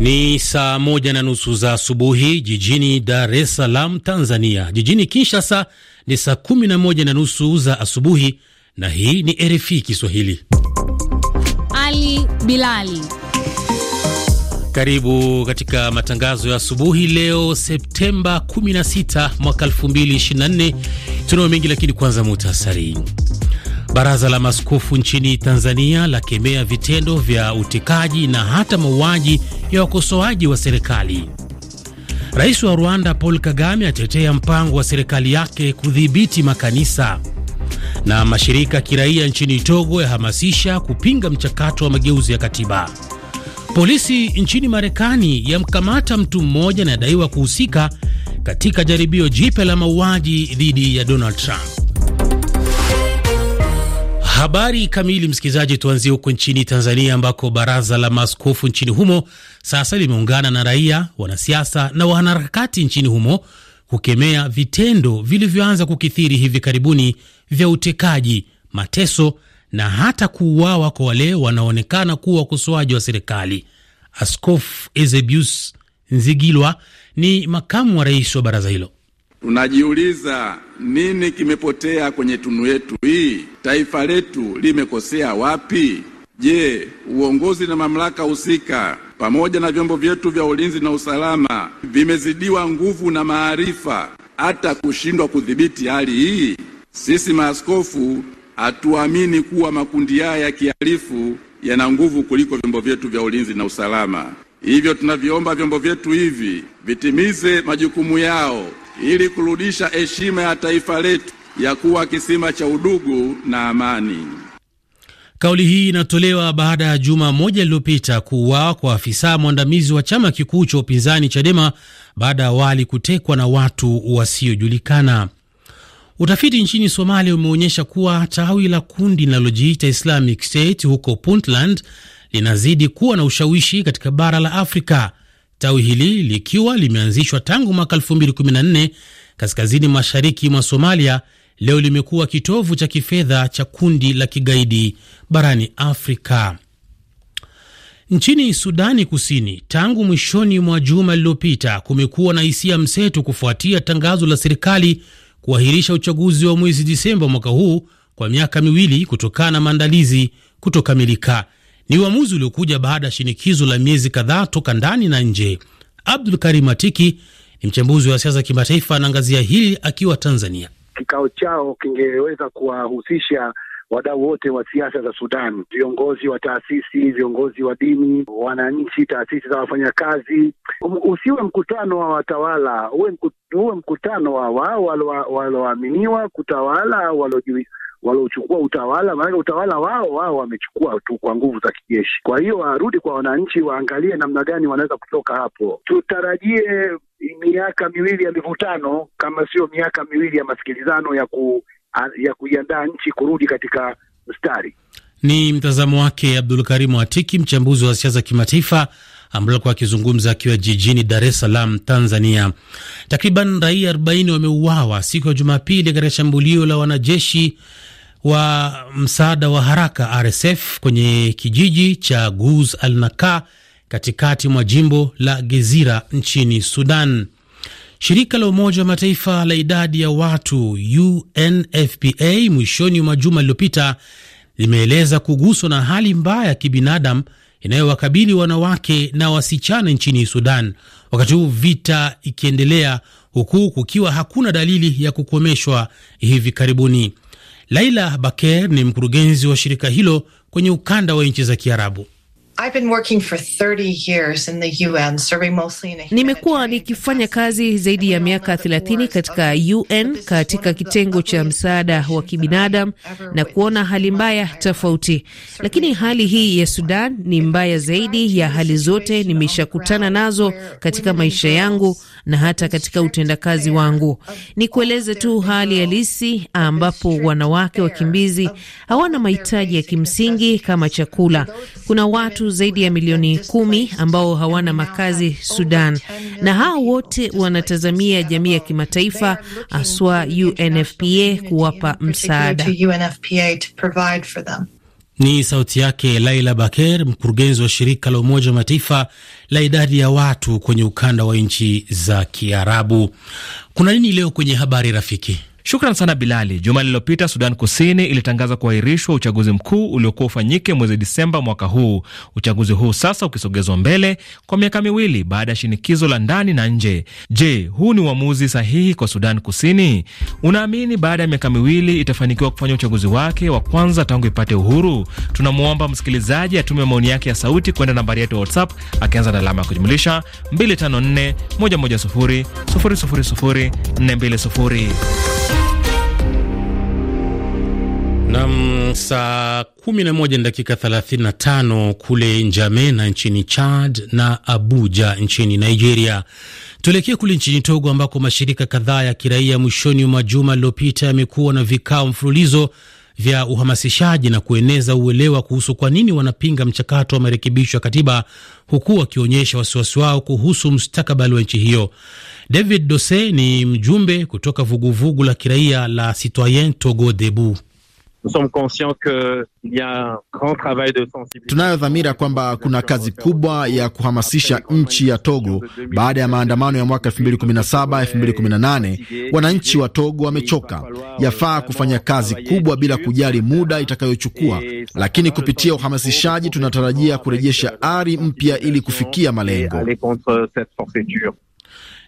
Ni saa moja na nusu za asubuhi jijini Dar es Salaam, Tanzania. Jijini Kinshasa ni saa kumi na moja na nusu za asubuhi, na hii ni RFI Kiswahili. Ali Bilali, karibu katika matangazo ya asubuhi leo Septemba 16 mwaka 2024. Tunayo mengi, lakini kwanza muhtasari Baraza la maskofu nchini Tanzania lakemea vitendo vya utekaji na hata mauaji ya wakosoaji wa serikali. Rais wa Rwanda Paul Kagame atetea mpango wa serikali yake kudhibiti makanisa. Na mashirika ya kiraia nchini Togo yahamasisha kupinga mchakato wa mageuzi ya katiba. Polisi nchini Marekani yamkamata mtu mmoja anayedaiwa kuhusika katika jaribio jipya la mauaji dhidi ya Donald Trump. Habari kamili, msikilizaji, tuanzie huko nchini Tanzania ambako baraza la maaskofu nchini humo sasa limeungana na raia, wanasiasa na wanaharakati nchini humo kukemea vitendo vilivyoanza kukithiri hivi karibuni vya utekaji, mateso na hata kuuawa kwa wale wanaonekana kuwa wakosoaji wa serikali. Askofu Ezebius Nzigilwa ni makamu wa rais wa baraza hilo. Tunajiuliza, nini kimepotea kwenye tunu yetu hii? Taifa letu limekosea wapi? Je, uongozi na mamlaka husika pamoja na vyombo vyetu vya ulinzi na usalama vimezidiwa nguvu na maarifa hata kushindwa kudhibiti hali hii? Sisi maaskofu hatuamini kuwa makundi haya ya kihalifu yana nguvu kuliko vyombo vyetu vya ulinzi na usalama. Hivyo tunaviomba vyombo vyetu hivi vitimize majukumu yao ili kurudisha heshima ya taifa letu ya kuwa kisima cha udugu na amani. Kauli hii inatolewa baada ya juma moja lililopita kuuawa kwa afisa mwandamizi wa chama kikuu cha upinzani Chadema baada ya awali kutekwa na watu wasiojulikana. Utafiti nchini Somalia umeonyesha kuwa tawi la kundi linalojiita Islamic State huko Puntland linazidi kuwa na ushawishi katika bara la Afrika. Tawi hili likiwa limeanzishwa tangu mwaka 2014 kaskazini mashariki mwa Somalia, leo limekuwa kitovu cha kifedha cha kundi la kigaidi barani Afrika. Nchini Sudani Kusini, tangu mwishoni mwa juma lililopita, kumekuwa na hisia mseto kufuatia tangazo la serikali kuahirisha uchaguzi wa mwezi Disemba mwaka huu kwa miaka miwili kutokana na maandalizi kutokamilika. Ni uamuzi uliokuja baada ya shinikizo la miezi kadhaa toka ndani na nje. Abdul Karim Atiki ni mchambuzi wa siasa kimataifa, anaangazia hili akiwa Tanzania. Kikao chao kingeweza kuwahusisha wadau wote wa siasa za Sudan, viongozi wa taasisi, viongozi wa dini, wananchi, taasisi za wafanyakazi. Um, usiwe mkutano wa watawala, uwe mkutano wa wao walioaminiwa kutawala au waliochukua utawala, maanake utawala wao wao wamechukua tu kwa nguvu za kijeshi. Kwa hiyo warudi kwa wananchi, waangalie namna gani wanaweza kutoka hapo. Tutarajie miaka miwili ya mivutano, kama sio miaka miwili ya masikilizano ya ku, ya kuiandaa nchi kurudi katika mstari. Ni mtazamo wake Abdul Karimu Atiki, mchambuzi wa siasa kimataifa ambaye alikuwa akizungumza akiwa jijini Dar es Salaam, Tanzania. Takriban raia 40 wameuawa siku ya Jumapili katika shambulio la wanajeshi wa msaada wa haraka RSF kwenye kijiji cha Guz al Naka katikati mwa jimbo la Gezira nchini Sudan. Shirika la Umoja wa Mataifa la idadi ya watu UNFPA mwishoni mwa juma lililopita limeeleza kuguswa na hali mbaya ya kibinadamu inayowakabili wanawake na wasichana nchini Sudan, wakati huu vita ikiendelea, huku kukiwa hakuna dalili ya kukomeshwa hivi karibuni. Laila Baker ni mkurugenzi wa shirika hilo kwenye ukanda wa nchi za Kiarabu. Nimekuwa nikifanya kazi zaidi ya miaka 30 katika UN katika kitengo cha msaada wa kibinadamu na kuona hali mbaya tofauti, lakini hali hii ya Sudan ni mbaya zaidi ya hali zote nimeshakutana nazo katika maisha yangu na hata katika utendakazi wangu. Ni kueleze tu hali halisi ambapo wanawake wakimbizi hawana mahitaji ya kimsingi kama chakula. Kuna watu zaidi ya milioni kumi ambao hawana makazi Sudan, na hao wote wanatazamia jamii ya kimataifa haswa UNFPA kuwapa msaada. Ni sauti yake Laila Baker, mkurugenzi wa shirika la Umoja wa Mataifa la idadi ya watu kwenye ukanda wa nchi za Kiarabu. Kuna nini leo kwenye habari rafiki? Shukran sana Bilali. Juma lililopita Sudan Kusini ilitangaza kuahirishwa uchaguzi mkuu uliokuwa ufanyike mwezi Disemba mwaka huu, uchaguzi huu sasa ukisogezwa mbele kwa miaka miwili baada ya shinikizo la ndani na nje. Je, huu ni uamuzi sahihi kwa Sudan Kusini? Unaamini baada ya miaka miwili itafanikiwa kufanya uchaguzi wake wa kwanza tangu ipate uhuru? Tunamwomba msikilizaji atume maoni yake ya sauti kwenda nambari yetu ya WhatsApp akianza na alama ya kujumulisha 254 110 000 420. Nam, saa na dakika 35 kule Njamena nchini Chad na Abuja nchini Nigeria. Tuelekee kule nchini Togo ambako mashirika kadhaa ya kiraia mwishoni mwa juma lililopita yamekuwa na vikao mfululizo vya uhamasishaji na kueneza uelewa kuhusu kwa nini wanapinga mchakato wa marekebisho ya katiba huku wakionyesha wasiwasi wao kuhusu mustakabali wa nchi hiyo. David Dose ni mjumbe kutoka vuguvugu la kiraia la Citoyen Togo Debout. Tunayo dhamira kwamba kuna kazi kubwa ya kuhamasisha nchi ya Togo baada ya maandamano ya mwaka 2017, 2018. Wananchi wa Togo wamechoka. Yafaa kufanya kazi kubwa bila kujali muda itakayochukua, lakini kupitia uhamasishaji tunatarajia kurejesha ari mpya ili kufikia malengo.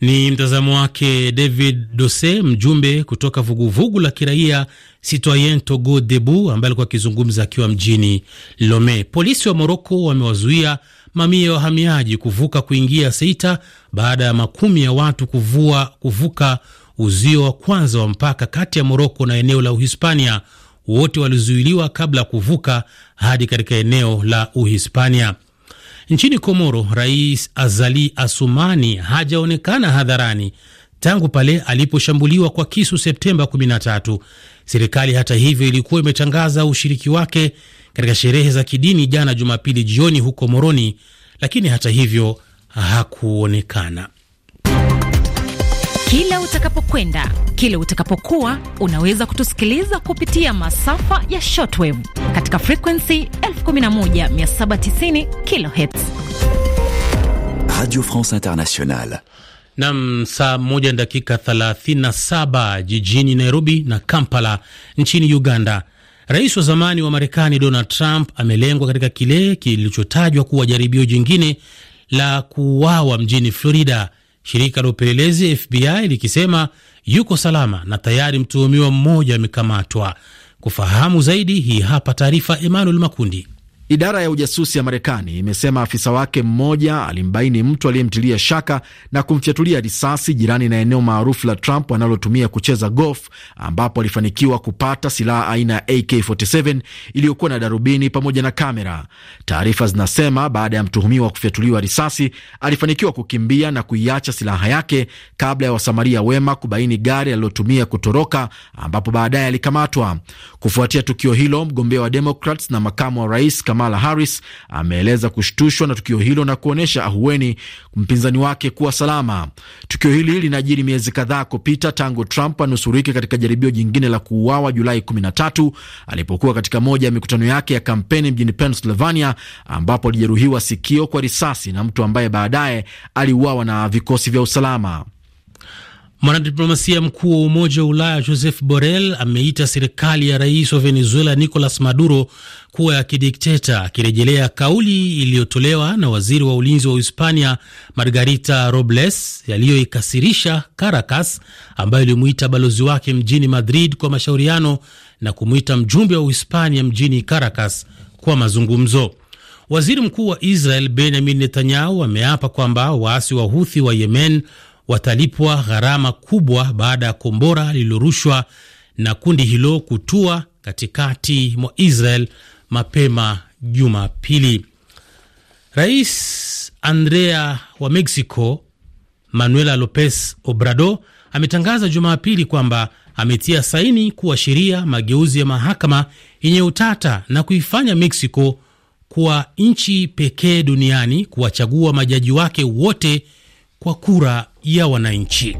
Ni mtazamo wake David Dose, mjumbe kutoka vuguvugu vugu la kiraia Citoyen Togo Debu, ambaye alikuwa akizungumza akiwa mjini Lome. Polisi wa Moroko wamewazuia mamia ya wahamiaji kuvuka kuingia Seita baada ya makumi ya watu kuvua, kuvuka uzio wa kwanza wa mpaka kati ya Moroko na eneo la Uhispania. Wote walizuiliwa kabla ya kuvuka hadi katika eneo la Uhispania. Nchini Komoro, Rais Azali Asumani hajaonekana hadharani tangu pale aliposhambuliwa kwa kisu Septemba 13. Serikali hata hivyo ilikuwa imetangaza ushiriki wake katika sherehe za kidini jana Jumapili jioni huko Moroni, lakini hata hivyo hakuonekana. Kila utakapokwenda, kila utakapokuwa, unaweza kutusikiliza kupitia masafa ya shortwave katika frequency 11790 kilohertz. Radio France Internationale. Nam, saa moja na dakika 37 jijini Nairobi na Kampala nchini Uganda. Rais wa zamani wa Marekani Donald Trump amelengwa katika kile kilichotajwa kuwa jaribio jingine la kuuawa mjini Florida, shirika la upelelezi FBI likisema yuko salama na tayari mtuhumiwa mmoja amekamatwa. Kufahamu zaidi, hii hapa taarifa Emmanuel Makundi. Idara ya ujasusi ya Marekani imesema afisa wake mmoja alimbaini mtu aliyemtilia shaka na kumfyatulia risasi jirani na eneo maarufu la Trump analotumia kucheza golf, ambapo alifanikiwa kupata silaha aina ya AK47 iliyokuwa na darubini pamoja na kamera. Taarifa zinasema baada ya mtuhumiwa kufyatuliwa risasi, alifanikiwa kukimbia na kuiacha silaha yake kabla ya wasamaria wema kubaini gari alilotumia kutoroka, ambapo baadaye alikamatwa. Kufuatia tukio hilo, mgombea wa Democrats na makamu wa rais Kamala Harris ameeleza kushtushwa na tukio hilo na kuonyesha ahueni mpinzani wake kuwa salama. Tukio hili linajiri miezi kadhaa kupita tangu Trump anusurike katika jaribio jingine la kuuawa Julai 13 alipokuwa katika moja ya mikutano yake ya kampeni mjini Pennsylvania, ambapo alijeruhiwa sikio kwa risasi na mtu ambaye baadaye aliuawa na vikosi vya usalama. Mwanadiplomasia mkuu wa Umoja wa Ulaya Joseph Borrell ameita serikali ya rais wa Venezuela Nicolas Maduro kuwa ya kidikteta, akirejelea kauli iliyotolewa na waziri wa ulinzi wa Uhispania Margarita Robles yaliyoikasirisha Caracas, ambayo ilimuita balozi wake mjini Madrid kwa mashauriano na kumwita mjumbe wa Uhispania mjini Caracas kwa mazungumzo. Waziri mkuu wa Israel Benjamin Netanyahu ameapa kwamba waasi wa Huthi wa Yemen watalipwa gharama kubwa baada ya kombora lililorushwa na kundi hilo kutua katikati mwa Israel mapema Jumapili. Rais Andrea wa Mexico manuela Lopez Obrador ametangaza Jumapili kwamba ametia saini kuwa sheria mageuzi ya mahakama yenye utata na kuifanya Mexico kuwa nchi pekee duniani kuwachagua majaji wake wote kwa kura ya wananchi.